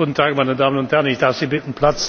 guten tag meine damen und herren! ich darf sie bitten platz zu nehmen.